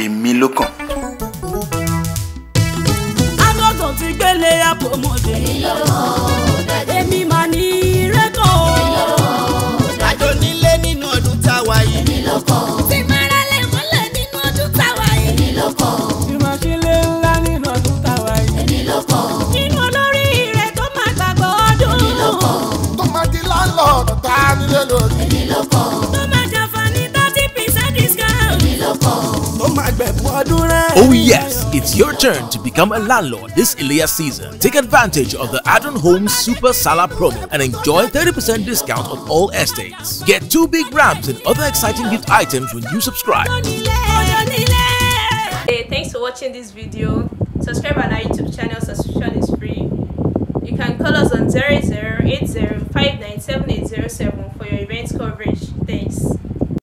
èmi ló kàn. adọ́tàn ti gbélé àpòmọ̀dé. èmi ló kàn. èmi máa ní rẹ́tọ̀. èmi ló kàn. àjọ nílé nínú ọdún táwa yìí. èmi yìí. èmi ló kàn. ìmọ̀sílẹ̀ ńlá nínú ọdún táwa yìí. èmi Oh yes, it's your turn to become a landlord this Ilea season. Take advantage of the Adron Homes Super Sala promo and enjoy 30% discount on all estates. Get two big ramps and other exciting gift items when you subscribe. Hey, thanks for watching this video. Subscribe on our YouTube channel, subscription is free. You can call us on 0080 for your events coverage. Thanks.